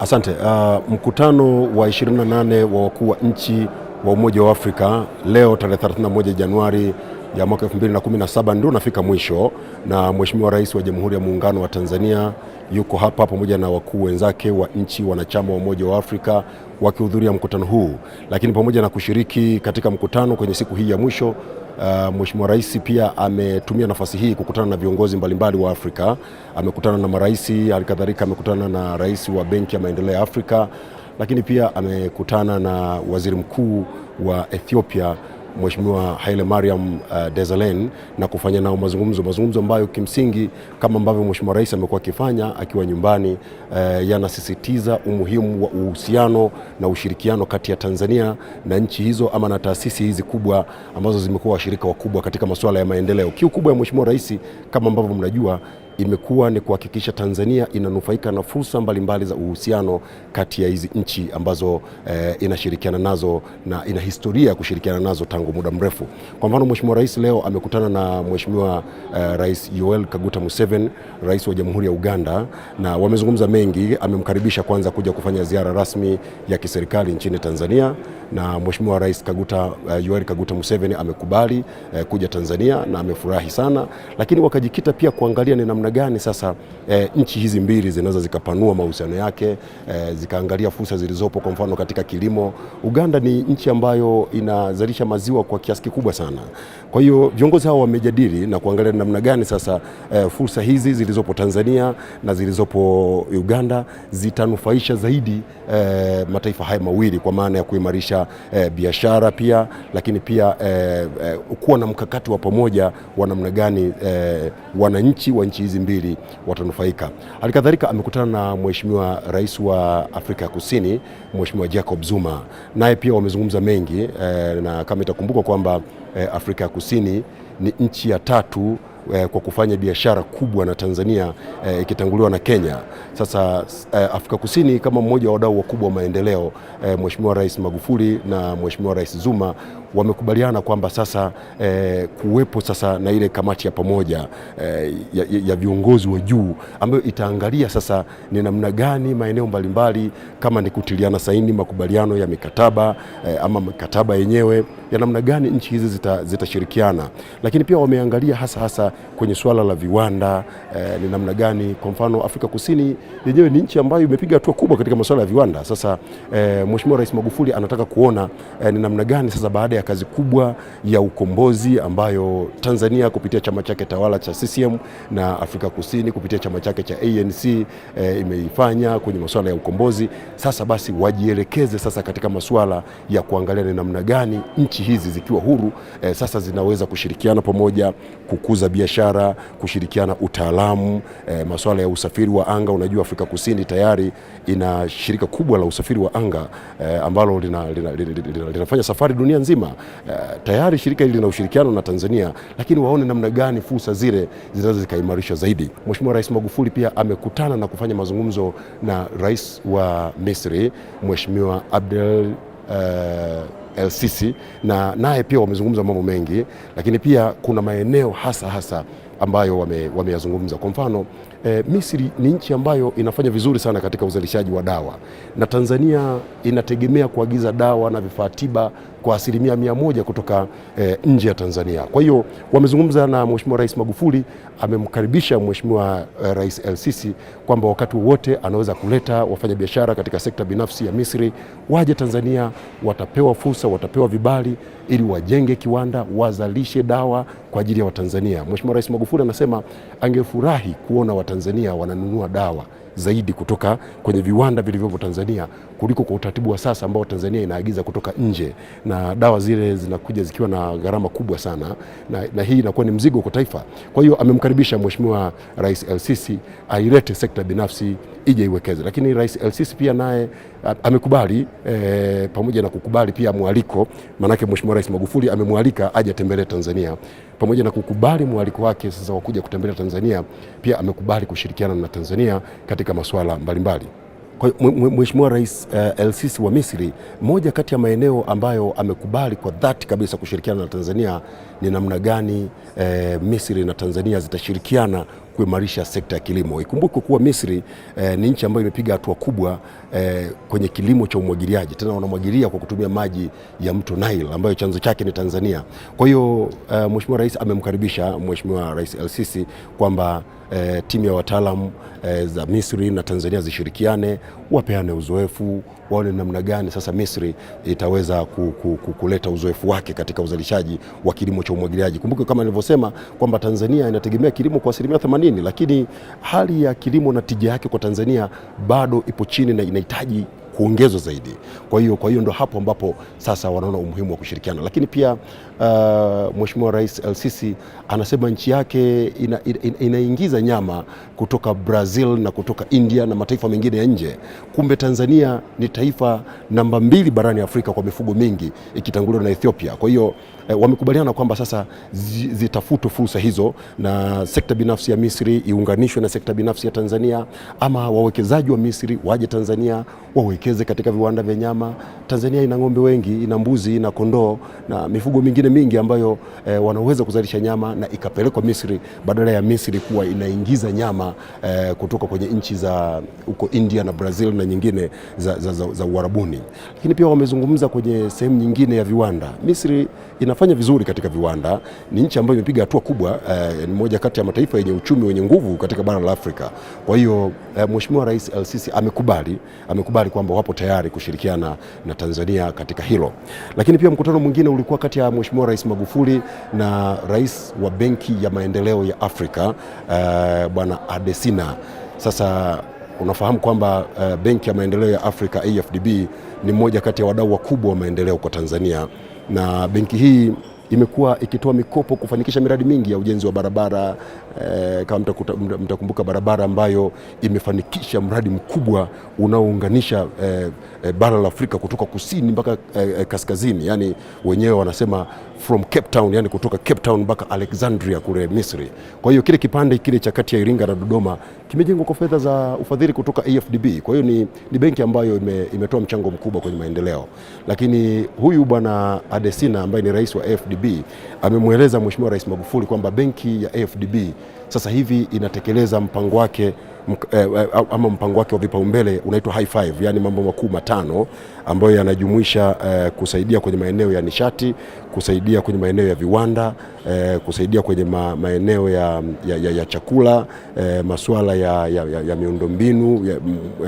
Asante. Uh, mkutano wa 28 wa wakuu wa nchi wa Umoja wa Afrika leo tarehe 31 Januari ya mwaka 2017 ndio unafika mwisho, na Mheshimiwa Rais wa Jamhuri ya Muungano wa Tanzania yuko hapa pamoja na wakuu wenzake wa nchi wanachama wa Umoja wa Afrika wakihudhuria mkutano huu. Lakini pamoja na kushiriki katika mkutano kwenye siku hii ya mwisho, Uh, Mheshimiwa Rais pia ametumia nafasi hii kukutana na viongozi mbalimbali wa Afrika. Amekutana na marais, halikadhalika amekutana na rais wa Benki ya Maendeleo ya Afrika, lakini pia amekutana na waziri mkuu wa Ethiopia Mheshimiwa Haile Mariam uh, Desalegn na kufanya nao mazungumzo, mazungumzo ambayo kimsingi kama ambavyo Mheshimiwa Rais amekuwa akifanya akiwa nyumbani uh, yanasisitiza umuhimu wa uhusiano na ushirikiano kati ya Tanzania na nchi hizo ama na taasisi hizi kubwa ambazo zimekuwa washirika wakubwa katika masuala ya maendeleo. Kiu kubwa ya Mheshimiwa Rais kama ambavyo mnajua imekuwa ni kuhakikisha Tanzania inanufaika na fursa mbalimbali za uhusiano kati ya hizi nchi ambazo e, inashirikiana nazo na ina historia ya kushirikiana nazo tangu muda mrefu. Kwa mfano, Mheshimiwa Rais leo amekutana na Mheshimiwa e, Rais Yoweri Kaguta Museveni, Rais wa Jamhuri ya Uganda, na wamezungumza mengi. Amemkaribisha kwanza kuja kufanya ziara rasmi ya kiserikali nchini Tanzania na Mheshimiwa Rais Kaguta eh, Yoweri Kaguta Museveni amekubali eh, kuja Tanzania na amefurahi sana, lakini wakajikita pia kuangalia ni namna gani sasa eh, nchi hizi mbili zinaweza zikapanua mahusiano yake zikaangalia fursa zilizopo, kwa mfano katika kilimo. Uganda ni nchi ambayo inazalisha maziwa kwa kiasi kikubwa sana, kwa hiyo viongozi hao wamejadili na kuangalia ni namna gani sasa fursa hizi zilizopo Tanzania na zilizopo Uganda zitanufaisha zaidi mataifa haya mawili kwa maana ya kuimarisha eh, biashara pia, lakini pia eh, eh, kuwa na mkakati wa pamoja wa namna gani eh, wananchi wa nchi hizi mbili watanufaika. Halikadhalika amekutana na Mheshimiwa Rais wa Afrika ya Kusini Mheshimiwa Jacob Zuma, naye pia wamezungumza mengi eh, na kama itakumbukwa kwamba eh, Afrika ya Kusini ni nchi ya tatu eh, kwa kufanya biashara kubwa na Tanzania eh, ikitanguliwa na Kenya. Sasa eh, Afrika Kusini kama mmoja wa wadau wakubwa wa maendeleo eh, Mheshimiwa Rais Magufuli na Mheshimiwa Rais Zuma wamekubaliana kwamba sasa eh, kuwepo sasa na ile kamati ya pamoja eh, ya, ya viongozi wa juu ambayo itaangalia sasa ni namna gani maeneo mbalimbali kama ni kutiliana saini makubaliano ya mikataba eh, ama mikataba yenyewe ya namna gani nchi hizi zitashirikiana zita, lakini pia wameangalia hasa hasa kwenye suala la viwanda eh, ni namna gani kwa mfano Afrika Kusini yenyewe ni nchi ambayo imepiga hatua kubwa katika masuala ya viwanda. Sasa eh, Mheshimiwa Rais Magufuli anataka kuona eh, ni namna gani sasa baada ya kazi kubwa ya ukombozi ambayo Tanzania kupitia chama chake tawala cha CCM na Afrika Kusini kupitia chama chake cha ANC e, eh, imeifanya kwenye masuala ya ukombozi. Sasa basi wajielekeze sasa katika masuala ya kuangalia ni namna gani nchi hizi zikiwa huru e, sasa zinaweza kushirikiana pamoja kukuza biashara, kushirikiana utaalamu, e, masuala ya usafiri wa anga. Unajua Afrika Kusini tayari ina shirika kubwa la usafiri wa anga e, ambalo linafanya lina, lina, lina, lina, lina safari dunia nzima uh, tayari shirika hili lina ushirikiano na Tanzania, lakini waone namna gani fursa zile zinaweza zikaimarisha zaidi. Mheshimiwa Rais Magufuli pia amekutana na kufanya mazungumzo na Rais wa Misri Mheshimiwa Abdel uh, El Sisi na naye pia wamezungumza mambo mengi, lakini pia kuna maeneo hasa hasa ambayo wameyazungumza wame kwa mfano e, Misri ni nchi ambayo inafanya vizuri sana katika uzalishaji wa dawa na Tanzania inategemea kuagiza dawa na vifaa tiba kwa asilimia mia moja kutoka e, nje ya Tanzania. Kwa hiyo wamezungumza na Mheshimiwa Rais Magufuli, amemkaribisha Mheshimiwa eh, Rais El Sisi kwamba wakati wowote anaweza kuleta wafanyabiashara katika sekta binafsi ya Misri waje Tanzania, watapewa fursa, watapewa vibali ili wajenge kiwanda, wazalishe dawa kwa ajili ya Watanzania. Mheshimiwa Rais Magufuli anasema angefurahi kuona Watanzania wananunua dawa zaidi kutoka kwenye viwanda vilivyopo Tanzania kuliko kwa utaratibu wa sasa ambao Tanzania inaagiza kutoka nje, na dawa zile zinakuja zikiwa na gharama kubwa sana, na, na hii inakuwa ni mzigo kwa taifa. Kwa hiyo amemkaribisha Mheshimiwa Rais El-Sisi ailete sekta binafsi ije iwekeze, lakini Rais El-Sisi pia naye amekubali e, pamoja na kukubali pia mwaliko, maanake Mheshimiwa Rais Magufuli amemwalika aje atembelee Tanzania. Pamoja na kukubali mwaliko wake sasa wa kuja kutembelea Tanzania, pia amekubali kushirikiana na Tanzania katika masuala mbalimbali. Mheshimiwa Rais uh, eh, El Sisi wa Misri, moja kati ya maeneo ambayo amekubali kwa dhati kabisa kushirikiana na Tanzania ni namna gani uh, Misri na Tanzania zitashirikiana kuimarisha sekta ya kilimo. Ikumbukwe kuwa Misri eh, ni nchi ambayo imepiga hatua kubwa eh, kwenye kilimo cha umwagiliaji, tena wanamwagilia kwa kutumia maji ya mto Nile ambayo chanzo chake ni Tanzania. Kwa hiyo eh, Mheshimiwa Rais amemkaribisha Mheshimiwa Rais El-Sisi kwamba eh, timu ya wataalamu eh, za Misri na Tanzania zishirikiane, wapeane uzoefu waone namna gani sasa Misri itaweza ku, ku, ku, kuleta uzoefu wake katika uzalishaji wa kilimo cha umwagiliaji. Kumbuke kama nilivyosema kwamba Tanzania inategemea kilimo kwa asilimia 80, lakini hali ya kilimo na tija yake kwa Tanzania bado ipo chini na inahitaji kuongezwa zaidi. Kwa hiyo kwa hiyo ndo hapo ambapo sasa wanaona umuhimu wa kushirikiana, lakini pia uh, Mheshimiwa Rais El Sisi anasema nchi yake ina, ina, inaingiza nyama kutoka Brazil na kutoka India na mataifa mengine ya nje. Kumbe Tanzania ni taifa namba mbili barani Afrika kwa mifugo mingi ikitanguliwa na Ethiopia. Kwa hiyo eh, wamekubaliana kwamba sasa zitafutwe fursa hizo na sekta binafsi ya Misri iunganishwe na sekta binafsi ya Tanzania, ama wawekezaji wa Misri waje Tanzania wawekeze katika viwanda vya nyama. Tanzania ina ng'ombe wengi, ina mbuzi, ina kondoo na mifugo mingine mingi ambayo eh, wanaweza kuzalisha nyama na ikapelekwa Misri badala ya Misri kuwa inaingiza nyama eh, kutoka kwenye nchi za huko India na Brazil na nyingine za, za, za, za Uarabuni. Lakini pia wamezungumza kwenye sehemu nyingine ya viwanda Misri inafanya vizuri katika viwanda. Ni nchi ambayo imepiga hatua kubwa eh, ni moja kati ya mataifa yenye uchumi wenye nguvu katika bara la Afrika. Kwa hiyo eh, Mheshimiwa Rais El-Sisi amekubali amekubali kwamba wapo tayari kushirikiana na Tanzania katika hilo. Lakini pia mkutano mwingine ulikuwa kati ya Mheshimiwa Rais Magufuli na rais wa Benki ya Maendeleo ya Afrika eh, Bwana Adesina. Sasa unafahamu kwamba uh, Benki ya Maendeleo ya Afrika AfDB ni mmoja kati ya wadau wakubwa wa maendeleo kwa Tanzania na benki hii imekuwa ikitoa mikopo kufanikisha miradi mingi ya ujenzi wa barabara eh, kama mtakumbuka barabara ambayo imefanikisha mradi mkubwa unaounganisha eh, eh bara la Afrika kutoka kusini mpaka eh, eh kaskazini, yaani wenyewe wanasema from Cape Town, yani kutoka Cape Town mpaka Alexandria kule Misri. Kwa hiyo kile kipande kile cha kati ya Iringa na Dodoma kimejengwa kwa fedha za ufadhili kutoka AFDB. Kwa hiyo ni, ni benki ambayo ime, imetoa mchango mkubwa kwenye maendeleo, lakini huyu bwana Adesina ambaye ni rais wa AFDB amemweleza Mheshimiwa Rais Magufuli kwamba benki ya AFDB sasa hivi inatekeleza mpango wake eh, eh ama mpango wake wa vipaumbele unaitwa high five, yani mambo makuu matano ambayo yanajumuisha eh, kusaidia kwenye maeneo ya nishati, kusaidia kwenye maeneo ya viwanda eh, kusaidia kwenye ma, maeneo ya, ya, ya, ya chakula eh, masuala ya, ya, ya, ya miundombinu ya,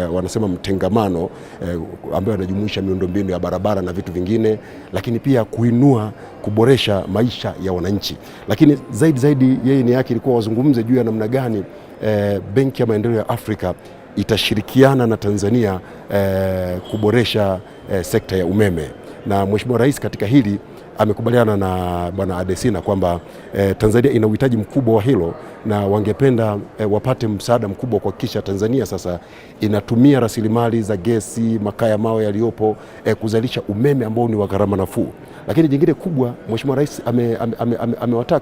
ya, wanasema mtengamano eh, ambayo yanajumuisha miundombinu ya barabara na vitu vingine, lakini pia kuinua kuboresha maisha ya wananchi, lakini zaidi zaidi yeye ni yake ilikuwa wazungumze juu ya namna gani eh, Benki ya Maendeleo ya Afrika itashirikiana na Tanzania eh, kuboresha eh, sekta ya umeme na Mheshimiwa Rais katika hili amekubaliana na Bwana Adesina kwamba eh, Tanzania ina uhitaji mkubwa wa hilo na wangependa eh, wapate msaada mkubwa kuhakikisha Tanzania sasa inatumia rasilimali za gesi, makaa ya mawe yaliyopo eh, kuzalisha umeme ambao ni wa gharama nafuu. Lakini jingine kubwa, Mheshimiwa Rais amewataka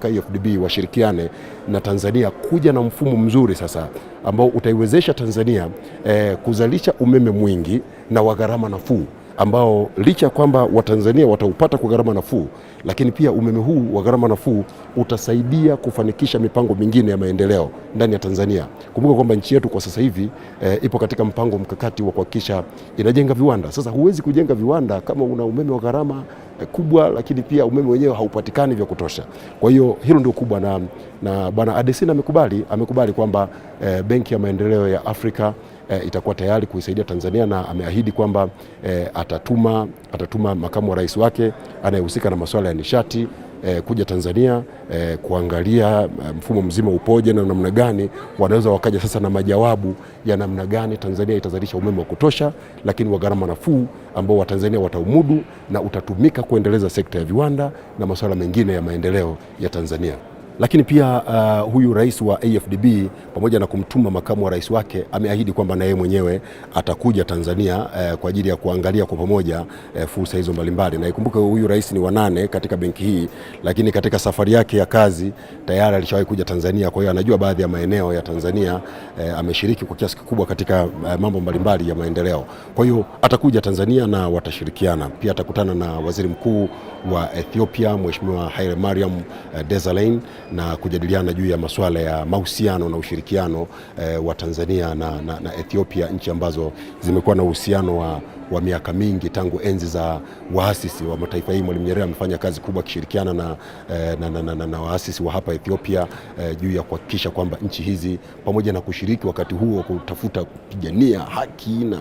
ame, ame, ame EFDB washirikiane na Tanzania kuja na mfumo mzuri sasa ambao utaiwezesha Tanzania eh, kuzalisha umeme mwingi na wa gharama nafuu ambao licha ya kwamba Watanzania wataupata kwa gharama nafuu, lakini pia umeme huu wa gharama nafuu utasaidia kufanikisha mipango mingine ya maendeleo ndani ya Tanzania. Kumbuka kwamba nchi yetu kwa sasa hivi e, ipo katika mpango mkakati wa kuhakikisha inajenga viwanda. Sasa huwezi kujenga viwanda kama una umeme wa gharama e, kubwa, lakini pia umeme wenyewe haupatikani vya kutosha. Kwa hiyo hilo ndio kubwa, na, na Bwana Adesina amekubali amekubali kwamba e, Benki ya Maendeleo ya Afrika eh, itakuwa tayari kuisaidia Tanzania na ameahidi kwamba eh, atatuma, atatuma makamu wa rais wake anayehusika na masuala ya nishati eh, kuja Tanzania eh, kuangalia eh, mfumo mzima upoje na namna gani wanaweza wakaja sasa na majawabu ya namna gani Tanzania itazalisha umeme wa kutosha, lakini wa gharama nafuu ambao Watanzania wataumudu na utatumika kuendeleza sekta ya viwanda na masuala mengine ya maendeleo ya Tanzania. Lakini pia uh, huyu rais wa AFDB pamoja na kumtuma makamu wa rais wake ameahidi kwamba na yeye mwenyewe atakuja Tanzania uh, kwa ajili ya kuangalia kwa pamoja uh, fursa hizo mbalimbali, na ikumbuke huyu rais ni wanane katika benki hii, lakini katika safari yake ya kazi tayari alishawahi kuja Tanzania, kwa hiyo anajua baadhi ya maeneo ya Tanzania uh, ameshiriki kwa kiasi kikubwa katika uh, mambo mbalimbali ya maendeleo. Kwa hiyo atakuja Tanzania na watashirikiana. Pia atakutana na waziri mkuu wa Ethiopia Mheshimiwa Haile Mariam uh, Desalegn na kujadiliana juu ya masuala ya mahusiano na ushirikiano eh, wa Tanzania na, na, na Ethiopia, nchi ambazo zimekuwa na uhusiano wa wa miaka mingi tangu enzi za waasisi wa mataifa hii. Mwalimu Nyerere amefanya kazi kubwa akishirikiana na, eh, na, na, na, na, na waasisi wa hapa Ethiopia eh, juu ya kuhakikisha kwamba nchi hizi pamoja na kushiriki wakati huo wa kutafuta kupigania haki na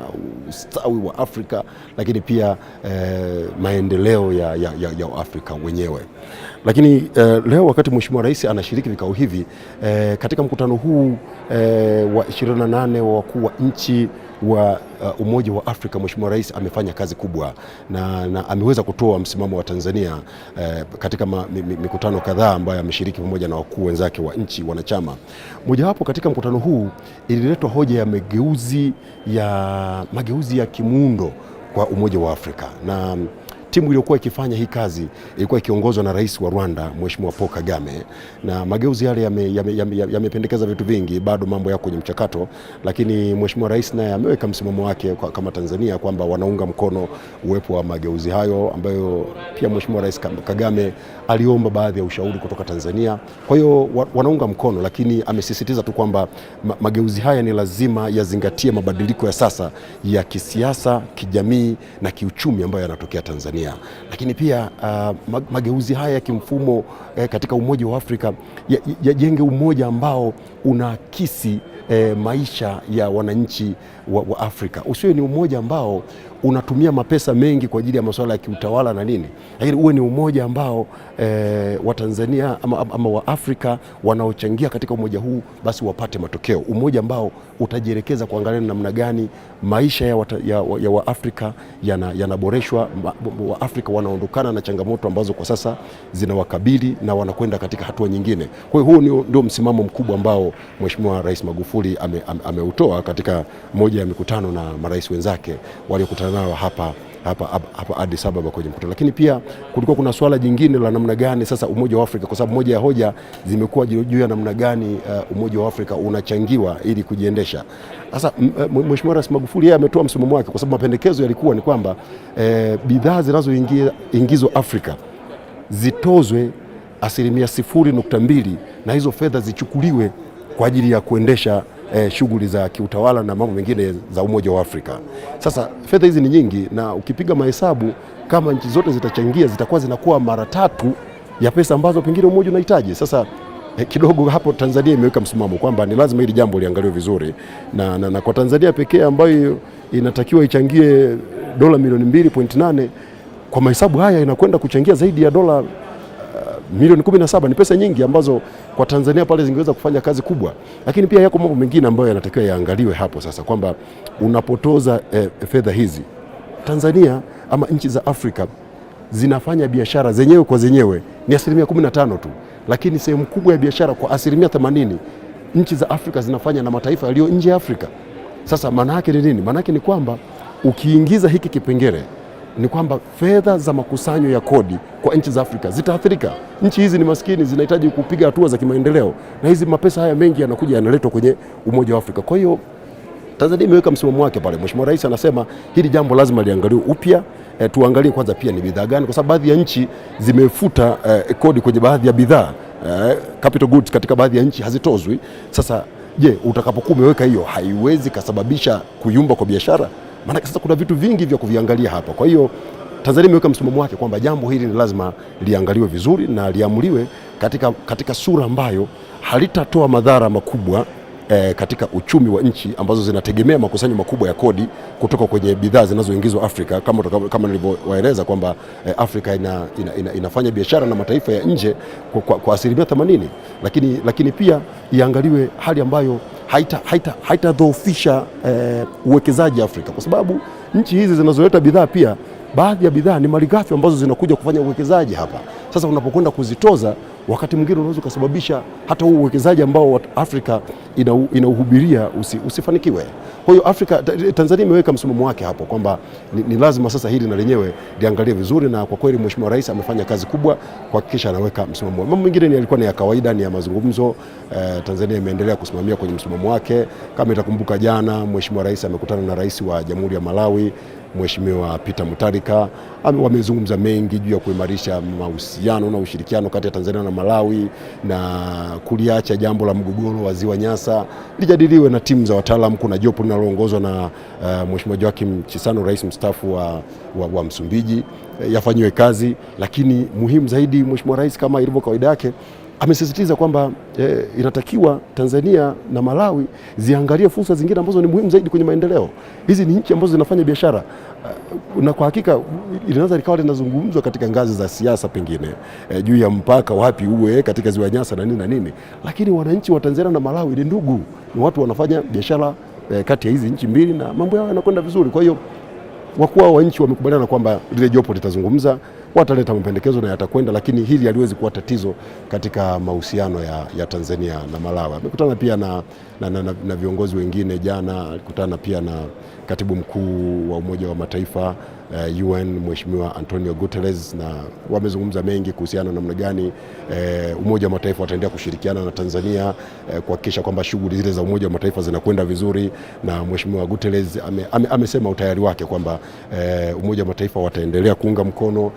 ustawi wa Afrika, lakini pia eh, maendeleo ya, ya, ya, ya Afrika wenyewe. Lakini eh, leo wakati Mheshimiwa Rais anashiriki vikao hivi eh, katika mkutano huu eh, wa 28 wa wakuu wa nchi wa uh, Umoja wa Afrika Mheshimiwa Rais amefanya kazi kubwa na, na ameweza kutoa msimamo wa Tanzania eh, katika ma, mi, mikutano kadhaa ambayo ameshiriki pamoja na wakuu wenzake wa nchi wanachama. Mojawapo katika mkutano huu ililetwa hoja ya mageuzi ya, mageuzi ya kimuundo kwa Umoja wa Afrika na timu iliyokuwa ikifanya hii kazi ilikuwa ikiongozwa na rais wa Rwanda Mheshimiwa Paul Kagame, na mageuzi yale yamependekeza yame, yame, vitu vingi, bado mambo yako kwenye mchakato, lakini Mheshimiwa rais naye ameweka msimamo wake kwa, kama Tanzania kwamba wanaunga mkono uwepo wa mageuzi hayo ambayo pia Mheshimiwa rais Kagame aliomba baadhi ya ushauri kutoka Tanzania. Kwa hiyo wanaunga mkono, lakini amesisitiza tu kwamba mageuzi haya ni lazima yazingatie mabadiliko ya sasa ya kisiasa, kijamii na kiuchumi ambayo yanatokea Tanzania dunia, lakini pia uh, mageuzi haya ya kimfumo eh, katika Umoja wa Afrika yajenge ya umoja ambao unaakisi eh, maisha ya wananchi wa, wa Afrika, usiwe ni umoja ambao unatumia mapesa mengi kwa ajili ya masuala ya kiutawala na nini, lakini uwe ni umoja ambao e, eh, Watanzania ama, ama Waafrika wanaochangia katika umoja huu basi wapate matokeo, umoja ambao utajielekeza kuangalia namna gani maisha ya Waafrika ya, ya wa yanaboreshwa yana Waafrika wanaondokana na changamoto ambazo kwa sasa zinawakabili na wanakwenda katika hatua nyingine. Kwa hiyo huu ndio msimamo mkubwa ambao Mheshimiwa Rais Magufuli ameutoa ame, ame katika moja ya mikutano na marais wenzake waliokutana kukutana nao hapa hapa, hapa, hapa Addis Ababa kwenye mkutano. Lakini pia kulikuwa kuna swala jingine la namna gani sasa Umoja wa Afrika, kwa sababu moja ya hoja zimekuwa juu ya namna gani uh, Umoja wa Afrika unachangiwa ili kujiendesha. Sasa Mheshimiwa Rais Magufuli yeye ametoa msimamo wake, kwa sababu mapendekezo yalikuwa ni kwamba eh, bidhaa zinazoingizwa Afrika zitozwe asilimia sifuri nukta mbili na hizo fedha zichukuliwe kwa ajili ya kuendesha eh, shughuli za kiutawala na mambo mengine za Umoja wa Afrika. Sasa fedha hizi ni nyingi, na ukipiga mahesabu kama nchi zote zitachangia, zitakuwa zinakuwa mara tatu ya pesa ambazo pengine umoja unahitaji. Sasa eh, kidogo hapo Tanzania imeweka msimamo kwamba ni lazima hili jambo liangaliwe vizuri na, na, na kwa Tanzania pekee ambayo inatakiwa ichangie dola milioni 2.8 kwa mahesabu haya inakwenda kuchangia zaidi ya dola Milioni 17 ni pesa nyingi ambazo kwa Tanzania pale zingeweza kufanya kazi kubwa, lakini pia yako mambo mengine ambayo yanatakiwa yaangaliwe hapo sasa, kwamba unapotoza eh, fedha hizi Tanzania ama nchi za Afrika zinafanya biashara zenyewe kwa zenyewe ni asilimia 15 tu, lakini sehemu kubwa ya biashara kwa asilimia 80 nchi za Afrika zinafanya na mataifa yaliyo nje ya Afrika. Sasa maana yake ni nini? Maana yake ni kwamba ukiingiza hiki kipengele ni kwamba fedha za makusanyo ya kodi kwa nchi za Afrika zitaathirika. Nchi hizi ni maskini, zinahitaji kupiga hatua za kimaendeleo, na hizi mapesa haya mengi yanakuja yanaletwa kwenye Umoja wa Afrika. Kwa hiyo Tanzania imeweka msimamo wake pale. Mheshimiwa Rais anasema hili jambo lazima liangaliwe upya. E, tuangalie kwanza pia ni bidhaa gani, kwa sababu baadhi ya nchi zimefuta e, kodi kwenye baadhi ya bidhaa e, capital goods katika baadhi ya nchi hazitozwi. Sasa je, utakapokuwa umeweka hiyo, haiwezi kasababisha kuyumba kwa biashara? Maanake sasa kuna vitu vingi vya kuviangalia hapa. Kwa hiyo Tanzania imeweka msimamo wake kwamba jambo hili ni lazima liangaliwe vizuri na liamuliwe katika, katika sura ambayo halitatoa madhara makubwa E, katika uchumi wa nchi ambazo zinategemea makusanyo makubwa ya kodi kutoka kwenye bidhaa zinazoingizwa Afrika kama, kama nilivyowaeleza kwamba e, Afrika ina, ina, ina, inafanya biashara na mataifa ya nje kwa, kwa, kwa asilimia 80, lakini, lakini pia iangaliwe hali ambayo haitadhoofisha haita, haita eh, uwekezaji Afrika, kwa sababu nchi hizi zinazoleta bidhaa pia baadhi ya bidhaa ni malighafi ambazo zinakuja kufanya uwekezaji hapa. Sasa unapokwenda kuzitoza, wakati mwingine unaweza ukasababisha hata huu uwekezaji ambao Afrika inauhubiria usi, usifanikiwe. Kwa hiyo Afrika, Tanzania imeweka msimamo wake hapo kwamba ni, ni lazima sasa hili na lenyewe liangalie vizuri, na kwa kweli Mheshimiwa Rais amefanya kazi kubwa kuhakikisha anaweka msimamo. Mambo mengine yalikuwa ni ya kawaida, ni ya mazungumzo. Eh, Tanzania imeendelea kusimamia kwenye msimamo wake. Kama itakumbuka, jana Mheshimiwa Rais amekutana na Rais wa Jamhuri ya Malawi Mheshimiwa Peter mutarika wamezungumza mengi juu ya kuimarisha mahusiano na ushirikiano kati ya Tanzania na Malawi na kuliacha jambo la mgogoro wa Ziwa Nyasa lijadiliwe na timu za wataalamu. Kuna jopo linaloongozwa na uh, Mheshimiwa Joachim Chisano, rais mstaafu wa, wa, wa Msumbiji, eh, yafanyiwe kazi, lakini muhimu zaidi Mheshimiwa Rais kama ilivyo kawaida yake amesisitiza kwamba eh, inatakiwa Tanzania na Malawi ziangalie fursa zingine ambazo ni muhimu zaidi kwenye maendeleo. Hizi ni nchi ambazo zinafanya biashara eh, na kwa hakika linaweza likawa linazungumzwa katika ngazi za siasa pengine eh, juu ya mpaka wapi uwe katika ziwa Nyasa na nini na nini, lakini wananchi wa Tanzania na Malawi ni ndugu, ni watu wanafanya biashara eh, kati ya hizi nchi mbili na mambo yao yanakwenda vizuri, kwa hiyo wakuu wa nchi wamekubaliana kwamba lile jopo litazungumza, wataleta mapendekezo na yatakwenda, lakini hili haliwezi kuwa tatizo katika mahusiano ya, ya Tanzania na Malawi. Amekutana pia na, na, na, na, na viongozi wengine jana, alikutana pia na katibu mkuu wa Umoja wa Mataifa uh, eh, UN Mheshimiwa Antonio Guterres, na wamezungumza mengi kuhusiana na namna gani uh, Umoja wa Mataifa wataendelea kushirikiana na Tanzania uh, kuhakikisha kwamba shughuli zile za Umoja wa Mataifa zinakwenda vizuri, na Mheshimiwa Guterres ame, ame, amesema utayari wake kwamba uh, Umoja wa Mataifa wataendelea kuunga mkono uh,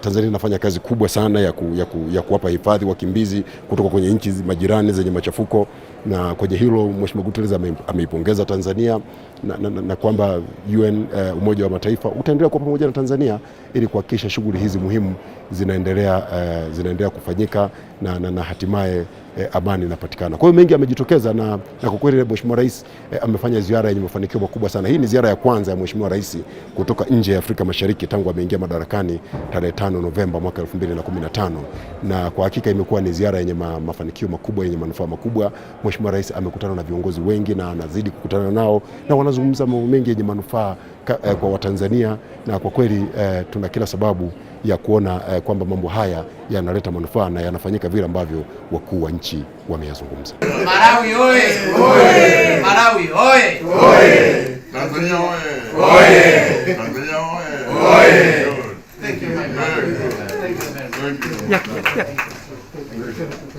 Tanzania inafanya kazi kubwa sana ya, ku, ya, ku, ya kuwapa hifadhi wakimbizi kutoka kwenye nchi majirani zenye machafuko na kwenye hilo Mheshimiwa Guterres ameipongeza Tanzania na, na, na, na kwamba UN uh, Umoja wa Mataifa utaendelea kuwa pamoja na Tanzania ili kuhakikisha shughuli hizi muhimu zinaendelea, uh, zinaendelea kufanyika na, na, na hatimaye eh, amani inapatikana. Kwa hiyo mengi amejitokeza na, na kwa kweli Mheshimiwa Rais eh, amefanya ziara yenye mafanikio makubwa sana. Hii ni ziara ya kwanza ya Mheshimiwa Rais kutoka nje ya Afrika Mashariki tangu ameingia madarakani tarehe 5 Novemba mwaka 2015 na kwa hakika imekuwa ni ziara yenye ma, mafanikio makubwa yenye manufaa makubwa. Mheshimiwa Rais amekutana na viongozi wengi na anazidi kukutana nao na wanazungumza mambo mengi yenye manufaa eh, kwa Watanzania na kwa kweli eh, tuna kila sababu ya kuona eh, kwamba mambo haya yanaleta manufaa na yanafanyika vile ambavyo wakuu wa nchi wameyazungumza. Malawi oye! Oye! Malawi oye! Tanzania oye! Tanzania oye! Thank you.